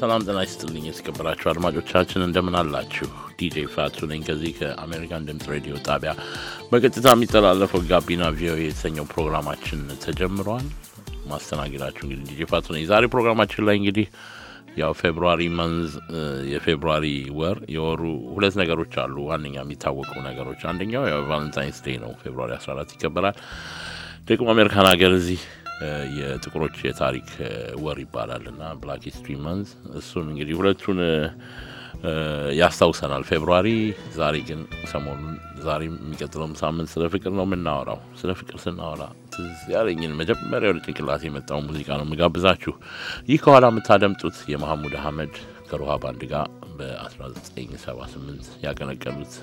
ሰላም ጤና ይስጥልኝ የተከበራችሁ አድማጮቻችን እንደምን አላችሁ? ዲጄ ፋቱ ነኝ ከዚህ ከአሜሪካን ድምፅ ሬዲዮ ጣቢያ በቀጥታ የሚተላለፈው ጋቢና ቪ የተሰኘው ፕሮግራማችን ተጀምሯል። ማስተናገዳችሁ እንግዲህ ዲጄ ፋቱ ነኝ። ዛሬ ፕሮግራማችን ላይ እንግዲህ ያው ፌብሪ መንዝ የፌብሪ ወር የወሩ ሁለት ነገሮች አሉ ዋነኛ የሚታወቁ ነገሮች። አንደኛው ቫለንታይንስ ዴይ ነው፣ ፌብሪ 14 ይከበራል። ደግሞ አሜሪካን ሀገር እዚህ የጥቁሮች የታሪክ ወር ይባላል እና ብላክ ሂስትሪ መንዝ እሱን እንግዲህ ሁለቱን ያስታውሰናል ፌብርዋሪ። ዛሬ ግን ሰሞኑን ዛሬ የሚቀጥለውም ሳምንት ስለ ፍቅር ነው የምናወራው። ስለ ፍቅር ስናወራ ትዝ ያለኝን መጀመሪያ ወደ ጭንቅላት የመጣው ሙዚቃ ነው የምጋብዛችሁ። ይህ ከኋላ የምታደምጡት የመሐሙድ አህመድ ከሩሃ ባንድ ጋር በ1978 ያቀነቀሉት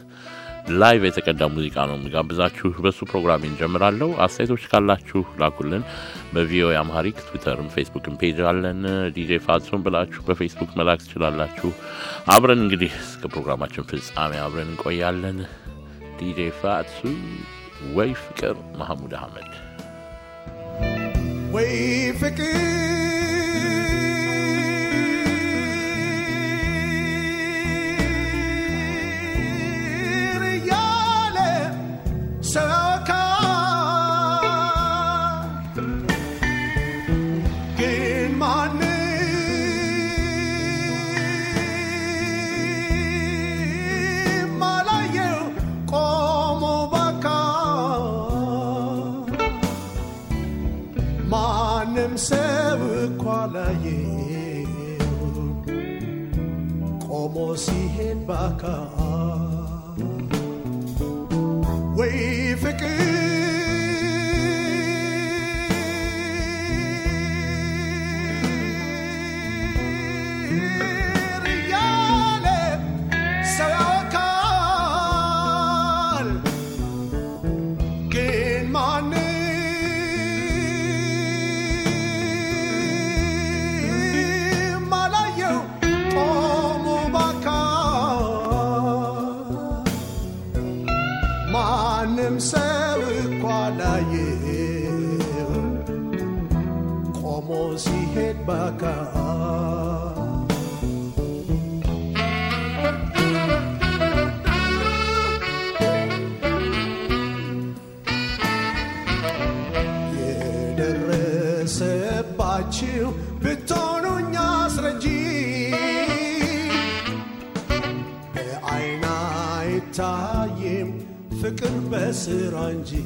ላይቭ የተቀዳ ሙዚቃ ነው የምጋብዛችሁ በሱ ፕሮግራም እንጀምራለሁ። አስተያየቶች ካላችሁ ላኩልን። በቪኦኤ አምሃሪክ ትዊተርም ፌስቡክም ፔጅ አለን። ዲጄ ፋሶን ብላችሁ በፌስቡክ መላክ ትችላላችሁ። አብረን እንግዲህ እስከ ፕሮግራማችን ፍጻሜ አብረን እንቆያለን። ዲጄ ፋጹ ወይ ፍቅር፣ መሐሙድ አህመድ ወይ ፍቅር descer onde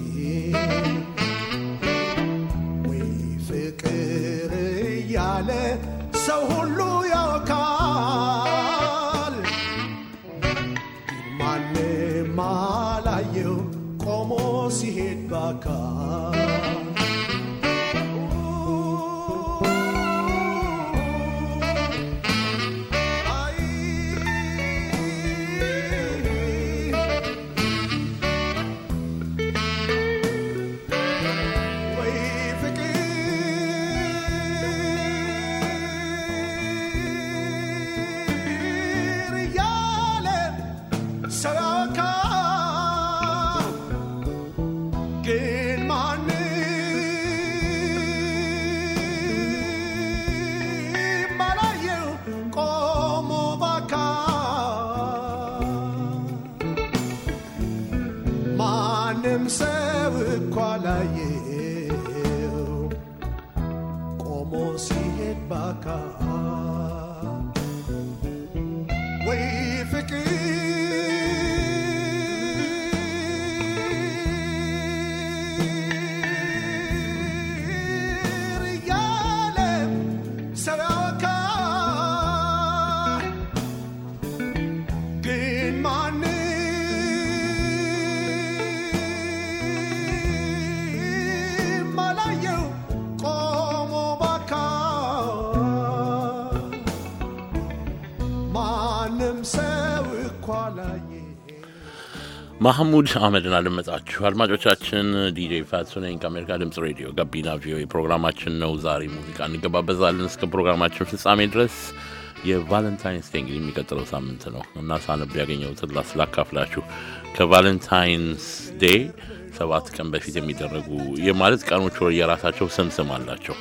ማህሙድ አህመድን አደመጣችሁ። አድማጮቻችን ዲጄ ፋትሶ ነኝ ከአሜሪካ ድምጽ ሬዲዮ ጋቢና ቪኦኤ ፕሮግራማችን ነው። ዛሬ ሙዚቃ እንገባበዛለን እስከ ፕሮግራማችን ፍጻሜ ድረስ። የቫለንታይንስ ዴ እንግዲህ የሚቀጥለው ሳምንት ነው እና ሳነብ ያገኘሁትን ስላካፍላችሁ ከቫለንታይንስ ዴ ሰባት ቀን በፊት የሚደረጉ የማለት ቀኖች የራሳቸው ስም ስም አላቸው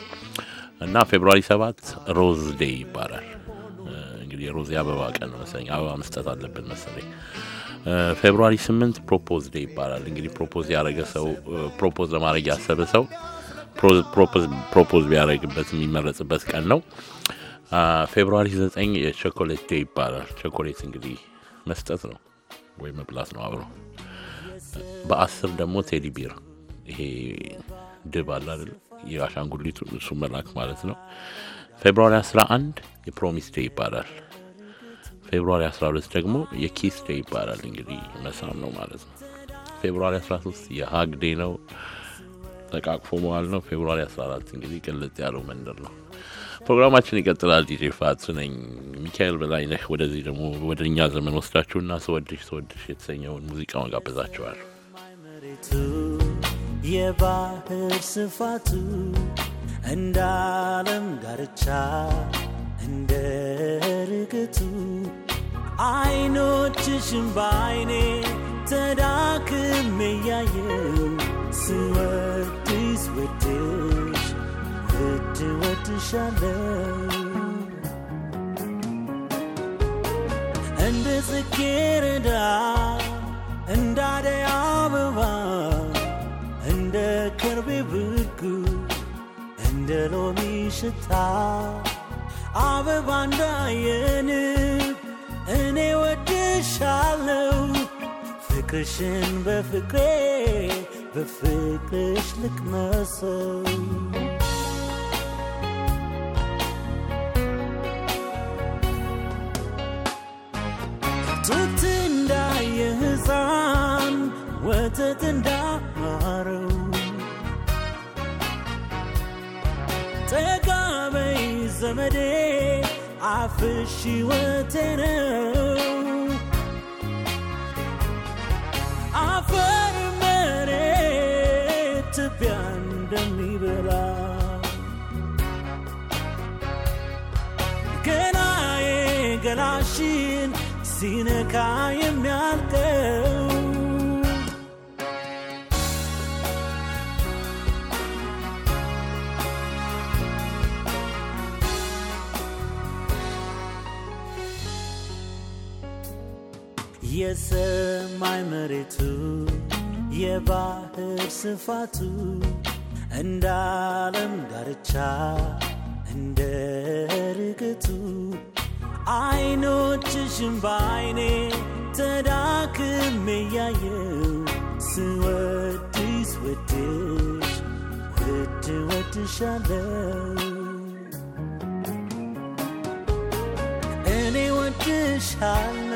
እና ፌብሩዋሪ ሰባት ሮዝ ዴይ ይባላል እንግዲህ ሮዚ አበባ ቀን መሰለኝ አበባ መስጠት አለብን መሰለኝ። ፌብሩዋሪ ስምንት ፕሮፖዝ ዴይ ይባላል። እንግዲህ ፕሮፖዝ ያደረገ ሰው ፕሮፖዝ ለማድረግ ያሰበ ሰው ፕሮፖዝ ቢያደረግበት የሚመረጽበት ቀን ነው። ፌብሩዋሪ ዘጠኝ የቸኮሌት ዴይ ይባላል። ቸኮሌት እንግዲህ መስጠት ነው ወይ መብላት ነው አብሮ። በአስር ደግሞ ቴዲ ቢር ይሄ ድብ አለ አይደል የአሻንጉሊቱ እሱ መላክ ማለት ነው። ፌብሩዋሪ 11 የፕሮሚስ ዴይ ይባላል። ፌብሩዋሪ 12 ደግሞ የኪስ ዴ ይባላል። እንግዲህ መሳም ነው ማለት ነው። ፌብሩዋሪ 13 የሀግ ዴ ነው፣ ተቃቅፎ መዋል ነው። ፌብሩዋሪ 14 እንግዲህ ቅልጥ ያለው መንደር ነው። ፕሮግራማችን ይቀጥላል። ዲጄ ፋቱ ነኝ። ሚካኤል በላይነህ ወደዚህ ደግሞ ወደ እኛ ዘመን ወስዳችሁና ሰወድሽ ሰወድሽ የተሰኘውን ሙዚቃ ጋብዛችኋል። የባህር ስፋቱ እንደ ዓለም ዳርቻ እንደ ርግቱ አይኖችሽን ባይኔ ተዳክሜ ያየው ስወድስ ወድሽ ውድ ወድሻለው እንደ ጽጌረዳ እንደ አደይ አበባ እንደ ከርቤ ብርጉ እንደ ሎሚ ሽታ አበባ እንዳየንብ እኔ ወድሻለው ፍቅርሽን በፍቅሬ በፍቅርሽ ልቅመሰው ጡት እንዳየህፃን ወተት እንዳማረው ጠጋበይ ዘመዴ አፍሽ ሕይወቴ ነው አፈር መሬት ትቢያ እንደሚበላ ገላዬ ገላሽን ሲነካ የሚያልቀው የሰማይ መሬቱ የባህር ስፋቱ እንደ ዓለም ዳርቻ እንደ ርግቱ አይኖችሽን በአይኔ ተዳክሜ ያየው ስወድሽ ወድሽ ውድ ወድሻለው እኔ ወድሻለ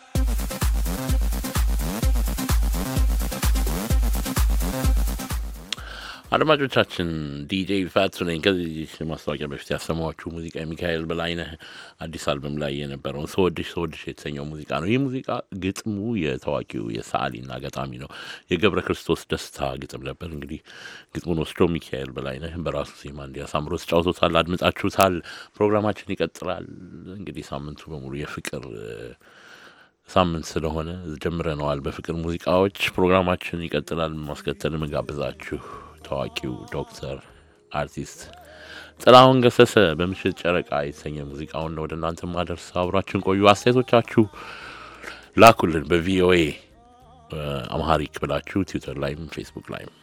አድማጮቻችን ዲጄ ፋቱ ነኝ። ከዚህ ማስታወቂያ በፊት ያሰማችሁ ሙዚቃ የሚካኤል በላይነህ አዲስ አልበም ላይ የነበረውን ሰወድሽ ሰወድሽ የተሰኘው ሙዚቃ ነው። ይህ ሙዚቃ ግጥሙ የታዋቂው የሰዓሊና ገጣሚ ነው የገብረ ክርስቶስ ደስታ ግጥም ነበር። እንግዲህ ግጥሙን ወስዶ ሚካኤል በላይነህ በራሱ ዜማ እንዲያሳምሮ ተጫውቶታል። አድምጣችሁታል። ፕሮግራማችን ይቀጥላል። እንግዲህ ሳምንቱ በሙሉ የፍቅር ሳምንት ስለሆነ ጀምረነዋል። በፍቅር ሙዚቃዎች ፕሮግራማችን ይቀጥላል። ማስከተል ምጋብዛችሁ ታዋቂው ዶክተር አርቲስት ጥላሁን ገሰሰ በምሽት ጨረቃ የተሰኘ ሙዚቃውን ወደ እናንተ ማደርስ። አብራችን ቆዩ። አስተያየቶቻችሁ ላኩልን በቪኦኤ አማሃሪክ ብላችሁ ትዊተር ላይም ፌስቡክ ላይም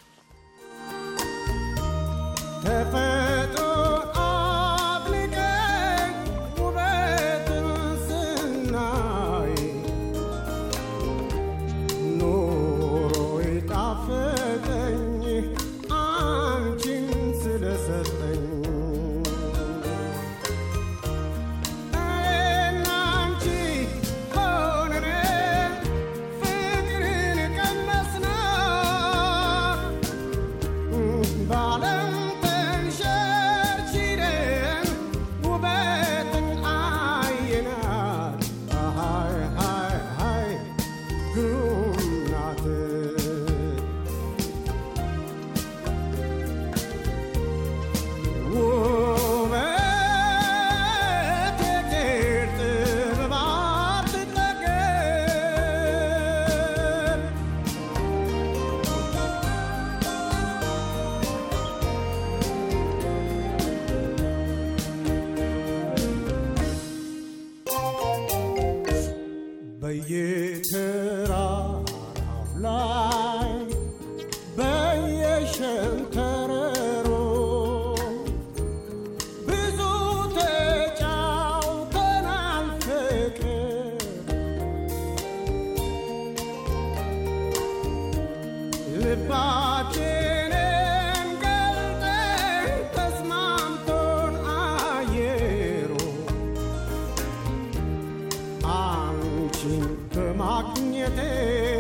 magnetic.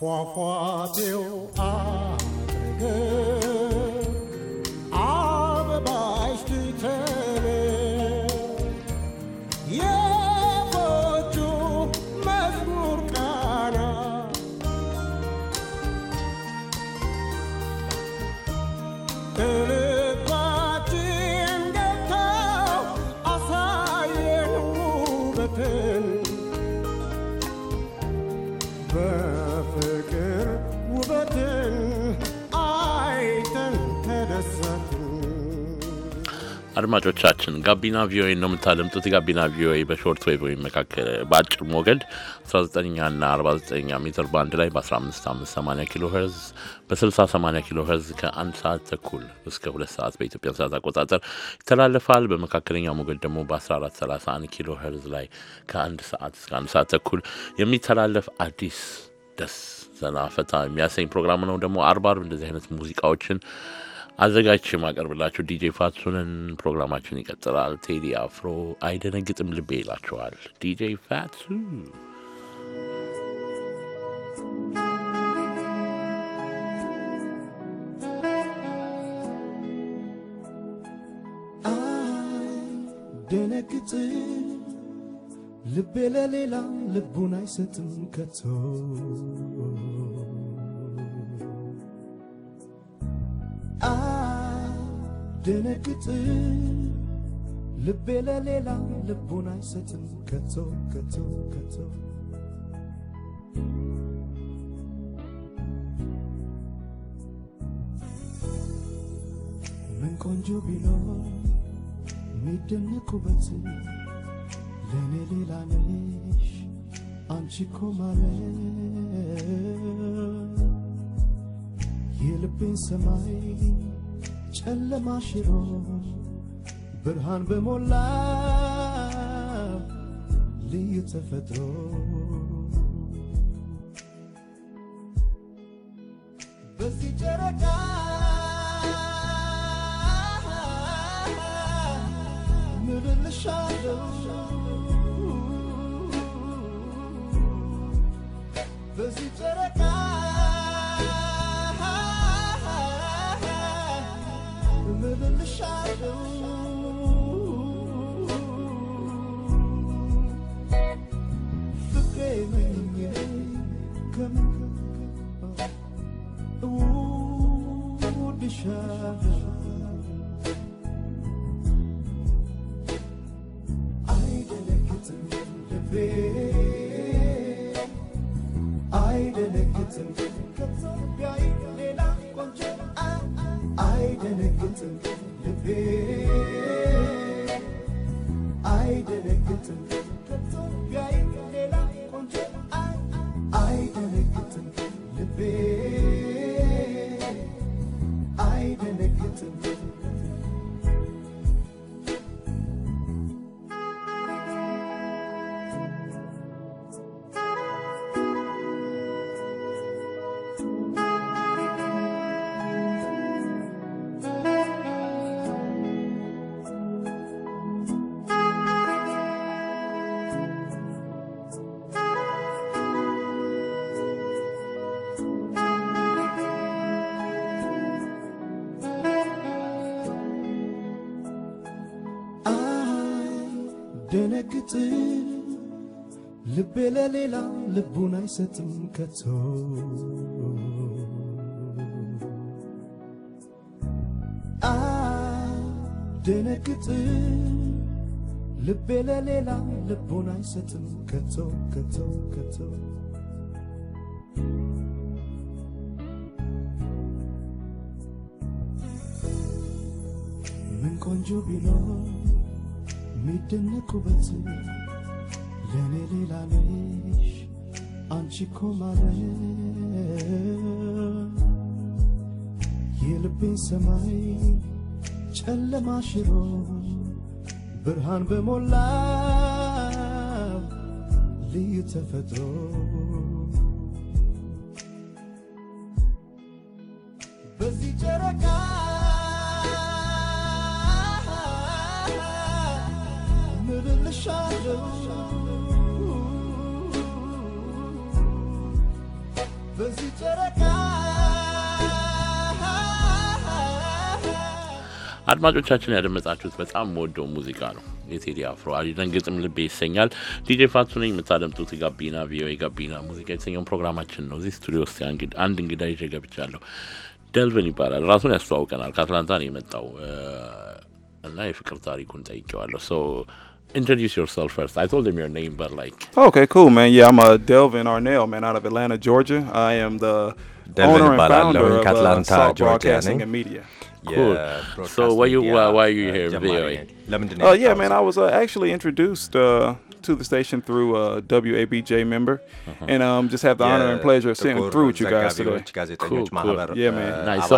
花花就爱。哥。አድማጮቻችን ጋቢና ቪኦኤ ነው የምታለምጡት ጋቢና ቪኦኤ በሾርት ዌቭ ወይም መካከል በአጭር ሞገድ 19 ና 49 ሜትር ባንድ ላይ በ15580 ኪሎ ሄርዝ በ6080 ኪሎ ሄርዝ ከአንድ ሰዓት ተኩል እስከ ሁለት ሰዓት በኢትዮጵያ ሰዓት አቆጣጠር ይተላለፋል። በመካከለኛ ሞገድ ደግሞ በ1431 ኪሎ ሄርዝ ላይ ከአንድ ሰዓት እስከ አንድ ሰዓት ተኩል የሚተላለፍ አዲስ ደስ ዘና ፈታ የሚያሰኝ ፕሮግራም ነው። ደግሞ አርባ አርብ እንደዚህ አይነት ሙዚቃዎችን አዘጋጅ የማቀርብላችሁ ዲጄ ፋትሱንን። ፕሮግራማችን ይቀጥላል። ቴዲ አፍሮ አይደነግጥም ልቤ ይላቸዋል። ዲጄ ፋትሱ አይደነግጥም ልቤ ለሌላ ልቡን አይሰጥም ከቶ ደነግጥ ልቤ ለሌላ ልቡን አይሰጥም ከቶ ከቶ ከቶ ምን ቆንጆ ቢኖር ሚደነቁበት ለእኔ ሌላ ነሽ አንቺ እኮ ማለት የልቤን ሰማይ ጨለማ ሽሮ ብርሃን በሞላ ልዩ ተፈጥሮ በዚህ ጨረቃ ምልልሻለው በዚህ ጨረቃ shadow ሲያፈነግጥ ልቤ ለሌላ ልቡን አይሰጥም ከቶ አደነግጥ ልቤ ለሌላ ልቡን አይሰጥም ከቶ ከቶ ከቶ ምን ቆንጆ ቢኖር የሚደነቁበት ለእኔ ሌላ ነሽ አንቺ እኮ ማለት የልቤን ሰማይ ጨለማ ሽሮ ብርሃን በሞላ ልዩ ተፈጥሮ በዚህ ጨረቃ አድማጮቻችን ያደመጣችሁት በጣም ወደው ሙዚቃ ነው። የቴዲ አፍሮ አልደንግጥም ልቤ ይሰኛል። ዲጄ ፋቱ ነኝ። የምታደምጡት ጋቢና ቪኦኤ ጋቢና ሙዚቃ የተሰኘውን ፕሮግራማችን ነው። እዚህ ስቱዲዮ ውስጥ አንድ እንግዳ ይዤ ገብቻለሁ። ደልቨን ይባላል። ራሱን ያስተዋውቀናል። ከአትላንታ ነው የመጣው እና የፍቅር ታሪኩን ጠይቄዋለሁ። introduce yourself first. I told him your name, but like. Okay, cool, man. Yeah, I'm a uh, Delvin Arnell, man, out of Atlanta, Georgia. I am the Delvin owner and founder of uh, Salt Broadcasting and Media. Cool. so why you uh, why are you here, VOA? Uh, yeah, man, I was uh, actually introduced uh, to the station through a WABJ member, uh-huh. and um, just have the yeah, honor and pleasure of sitting through with you guys today. Cool, cool. Yeah, man. Uh, nice. So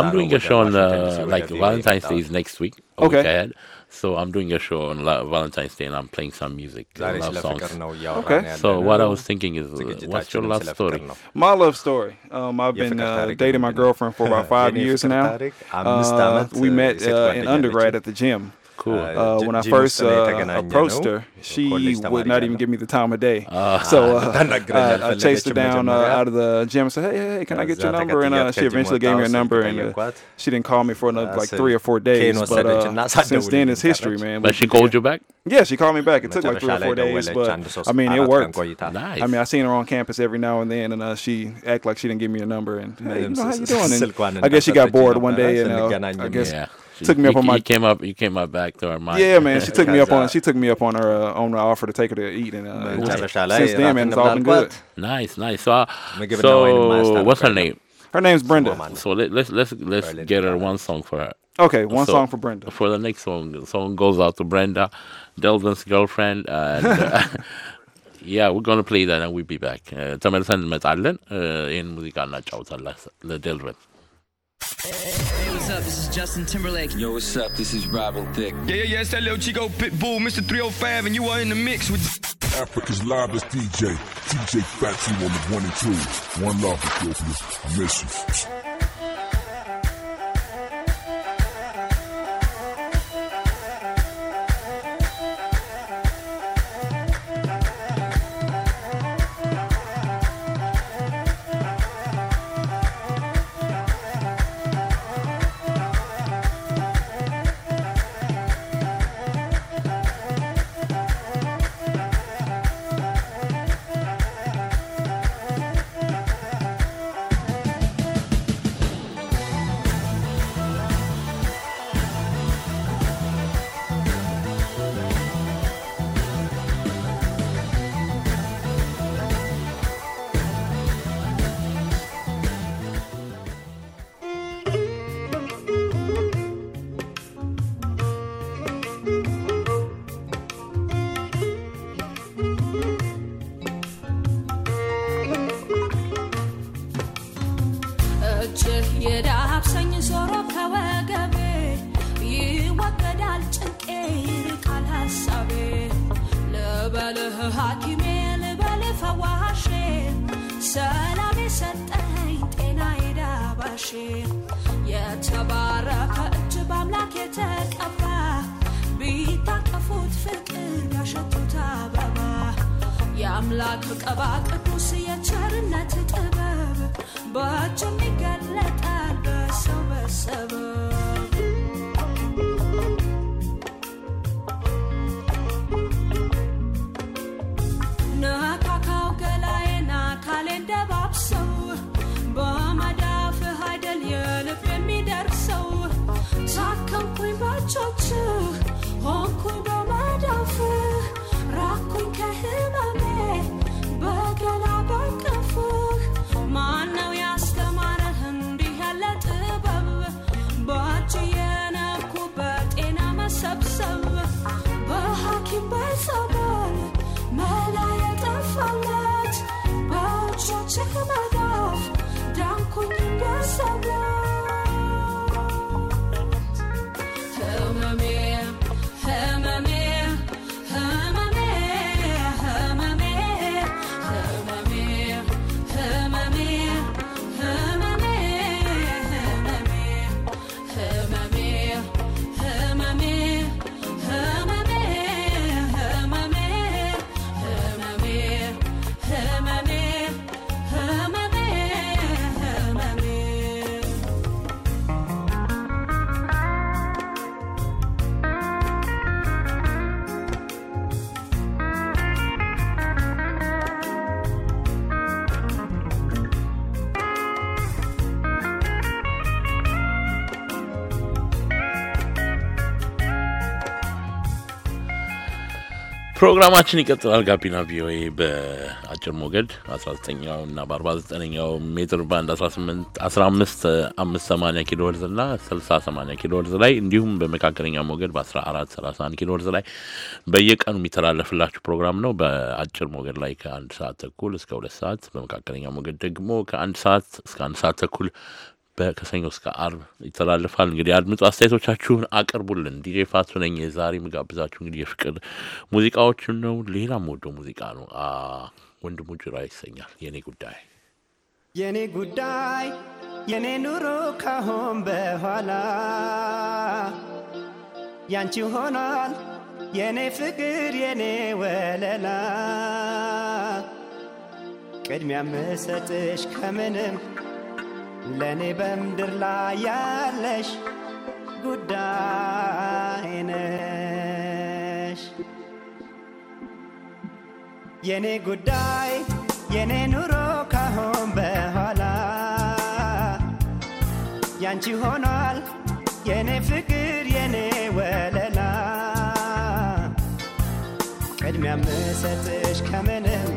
I'm doing a show on uh, like Valentine's Day is next week. Okay. So I'm doing a show on La- Valentine's Day and I'm playing some music, love songs. Okay. So what I was thinking is, uh, what's your love story? My love story. Um, I've been uh, dating my girlfriend for about five years now. Uh, we uh, met uh, in undergrad at the gym. Cool. Uh, uh when I first uh, approached her, she would not even give me the time of day. Ah, so uh, I chased her down out of the gym and said, hey, hey, can I get your number? And she eventually gave me a number, and she didn't call me for another like three or four days. But since then, it's history, man. But she called you back? Yeah, she called me back. It took like three or four days, but I mean, it worked. Nice. I mean, I seen her on campus every now and then, and uh, she act like she didn't give me a number. And hey, you know, how you doing? And I guess she got bored one day, and uh, I guess took me up on my. You came up. You came up back to our mind. Yeah, man. She took me up on. Uh, she took me up on her uh, on her offer to take her to eat, and uh, since then, man, it's all been good. Nice, nice. So, uh, so what's her name? Her name's Brenda. So let, us let's let's get her one song for her. Okay, one so, song for Brenda. For the next song, the song goes out to Brenda, Delvin's girlfriend. And, uh, yeah, we're gonna play that and we'll be back. ተመልሰን እንመጣለን። ይህን ሙዚቃ the Delvin. Hey, what's up? This is Justin Timberlake. Yo, what's up? This is Robin Thicke. Yeah, yeah, yeah. It's that little Chico Pitbull, Mr. 305, and you are in the mix with Africa's livest DJ, DJ Fatu on the one and two. One love, Ethiopia. Miss you. የዳብሰኝ ዞሮ ከወገቤ ይወገዳል ጭንቄ ይርቃል ሀሳቤ ልበልህ ሐኪሜ ልበልህ ፈዋሼ ሰላሜ ሰጠኝ ጤና የዳባሼ የተባረከ እጅ በአምላክ የተቀባ ቢታቀፉት ፍቅር ያሸቱት አበባ የአምላክ ቀባ ቅዱስ የቸርነት ጥበብ ልባችን ይገለጣል ገላዬን አካሌን ደባብሰው በመዳፍ አይደል የልብ የሚደርሰው ሳከምኩኝ ባቾች ሆንኩኝ በመዳፍ ራኩኝ ከህመም ፕሮግራማችን ይቀጥላል። ጋቢና ቪኦኤ በአጭር ሞገድ 19ኛው እና በ49ኛው ሜትር ባንድ 1580 ኪሎ ወርዝ እና 6080 ኪሎ ወርዝ ላይ እንዲሁም በመካከለኛ ሞገድ በ1431 ኪሎ ወርዝ ላይ በየቀኑ የሚተላለፍላችሁ ፕሮግራም ነው። በአጭር ሞገድ ላይ ከአንድ ሰዓት ተኩል እስከ ሁለት ሰዓት በመካከለኛ ሞገድ ደግሞ ከአንድ ሰዓት እስከ አንድ ሰዓት ተኩል ከሰኞ እስከ አርብ ይተላልፋል። እንግዲህ አድምጡ፣ አስተያየቶቻችሁን አቅርቡልን። ዲጄ ፋቱ ነኝ። የዛሬ ምጋብዛችሁ እንግዲህ የፍቅር ሙዚቃዎችን ነው። ሌላ ወዶ ሙዚቃ ነው። ወንድሙ ጅራ ይሰኛል። የኔ ጉዳይ የኔ ጉዳይ የኔ ኑሮ ካሁን በኋላ ያንቺ ሆኗል የኔ ፍቅር የኔ ወለላ ቅድሚያ መሰጥሽ ከምንም ለእኔ በምድር ላይ ያለሽ ጉዳይ ነሽ። የኔ ጉዳይ የኔ ኑሮ ካሁን በኋላ ያንቺ ሆኗል የኔ ፍቅር የኔ ወለላ ቅድሚያ ምሰጥሽ ከምንም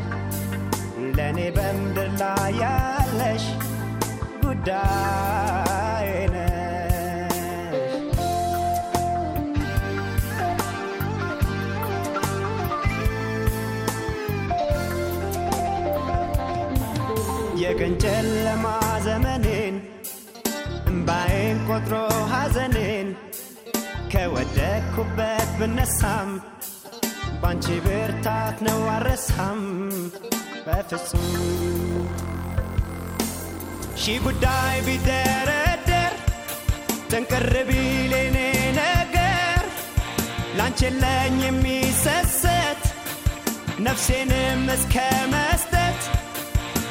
ለእኔ በምድር ላይ ጉዳይ ነሽ። የቀን ጨለማ ዘመኔን እምባዬን ቆጥሮ ሐዘኔን ከወደቅኩበት ብነሳም ባንቺ ብርታት ነው አረሳም በፍጹም ሺ ጉዳይ ቢደረደር ጥንቅር ቢል ነገር ላንቺ የሚሰሰት ነፍሴንም እስከ መስጠት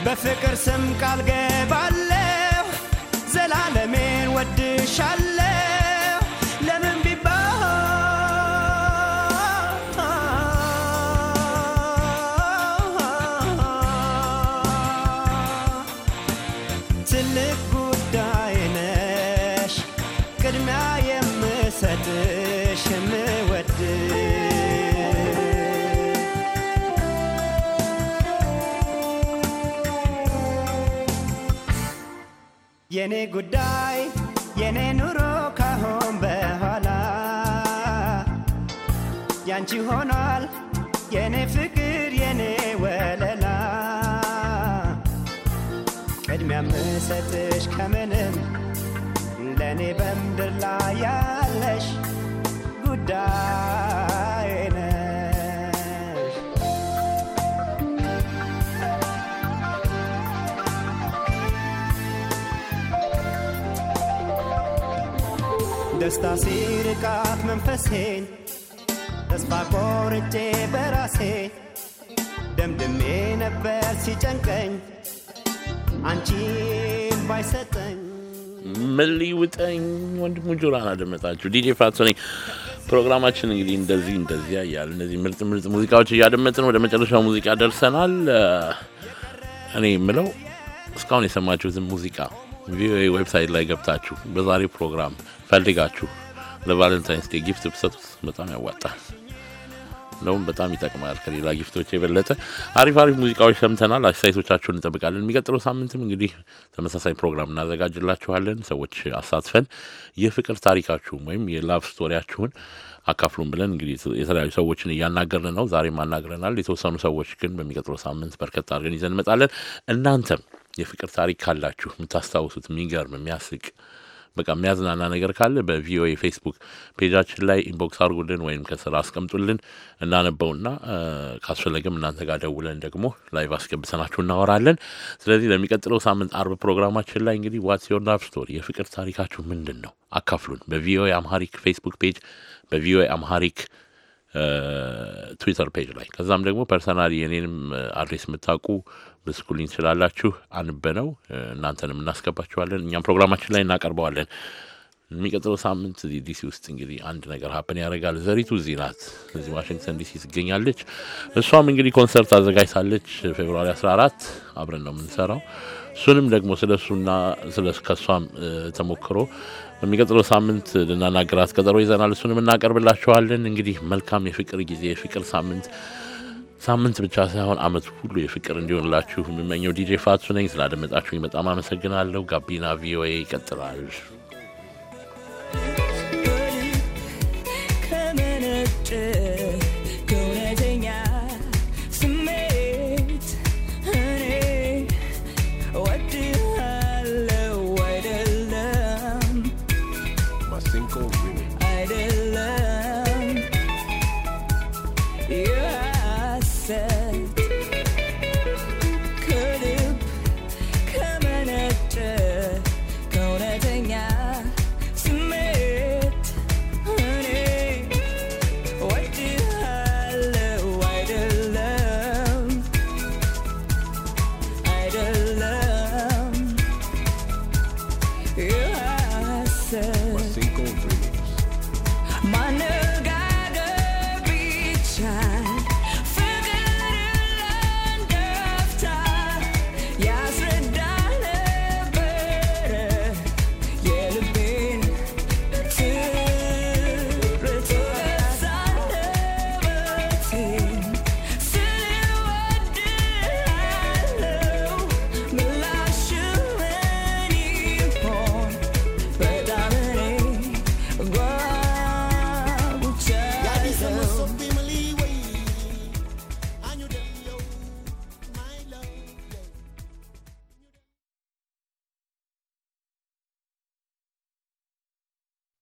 በፍቅር ስም ቃል ገባለሁ ዘላለሜን ወድሻለሁ የኔ ጉዳይ የኔ ኑሮ ካሁን በኋላ ያንቺ ሆኗል የኔ ፍቅር የኔ ወለላ ቅድሚያ ምሰጥሽ ከምንም ለእኔ በምድር ላይ ያለሽ ጉዳይ ደስታ ሲርቃት መንፈሴን ተስፋ ቆርጬ በራሴ ደምድሜ ነበር ሲጨንቀኝ አንቺን ባይሰጠኝ ምን ሊውጠኝ። ወንድሙ ጆራን አደመጣችሁ። ዲጄ ፋሶ ነኝ። ፕሮግራማችን እንግዲህ እንደዚህ እንደዚያ እያል እነዚህ ምርጥ ምርጥ ሙዚቃዎች እያደመጥን ወደ መጨረሻው ሙዚቃ ደርሰናል። እኔ የምለው እስካሁን የሰማችሁትን ሙዚቃ ቪኦኤ ዌብሳይት ላይ ገብታችሁ በዛሬው ፕሮግራም ፈልጋችሁ ለቫለንታይንስ ዴ ጊፍት ብሰጡት በጣም ያዋጣል። እንደውም በጣም ይጠቅማል። ከሌላ ጊፍቶች የበለጠ አሪፍ አሪፍ ሙዚቃዎች ሰምተናል። አስተያየቶቻችሁን እንጠብቃለን። የሚቀጥለው ሳምንትም እንግዲህ ተመሳሳይ ፕሮግራም እናዘጋጅላችኋለን። ሰዎች አሳትፈን የፍቅር ታሪካችሁን ወይም የላቭ ስቶሪያችሁን አካፍሉን ብለን እንግዲህ የተለያዩ ሰዎችን እያናገርን ነው። ዛሬም አናግረናል። የተወሰኑ ሰዎች ግን በሚቀጥለው ሳምንት በርከት አድርገን ይዘን እንመጣለን። እናንተም የፍቅር ታሪክ ካላችሁ የምታስታውሱት የሚገርም የሚያስቅ በቃ የሚያዝናና ነገር ካለ በቪኦኤ ፌስቡክ ፔጃችን ላይ ኢንቦክስ አድርጉልን ወይም ከስራ አስቀምጡልን እናነበውና ካስፈለገም እናንተ ጋር ደውለን ደግሞ ላይቭ አስገብተናችሁ እናወራለን። ስለዚህ ለሚቀጥለው ሳምንት አርብ ፕሮግራማችን ላይ እንግዲህ ዋትስ ዮር ላቭ ስቶሪ የፍቅር ታሪካችሁ ምንድን ነው? አካፍሉን። በቪኦኤ አምሃሪክ ፌስቡክ ፔጅ፣ በቪኦኤ አምሃሪክ ትዊተር ፔጅ ላይ ከዛም ደግሞ ፐርሰናሊ የኔንም አድሬስ የምታውቁ ልስኩልኝ ስላላችሁ አንበነው እናንተንም እናስገባችኋለን። እኛም ፕሮግራማችን ላይ እናቀርበዋለን። የሚቀጥለው ሳምንት ዲሲ ውስጥ እንግዲህ አንድ ነገር ሀፕን ያደርጋል። ዘሪቱ እዚህ ናት፣ እዚህ ዋሽንግተን ዲሲ ትገኛለች። እሷም እንግዲህ ኮንሰርት አዘጋጅታለች ፌብርዋሪ 14 አብረን ነው የምንሰራው። እሱንም ደግሞ ስለ እሱና ስለ ከእሷም ተሞክሮ በሚቀጥለው ሳምንት ልናናገራት ቀጠሮ ይዘናል። እሱንም እናቀርብላችኋለን። እንግዲህ መልካም የፍቅር ጊዜ የፍቅር ሳምንት ሳምንት ብቻ ሳይሆን አመት ሁሉ የፍቅር እንዲሆንላችሁ የምመኘው ዲጄ ፋቱ ነኝ። ስላደመጣችሁኝ በጣም አመሰግናለሁ። ጋቢና ቪኦኤ ይቀጥላል።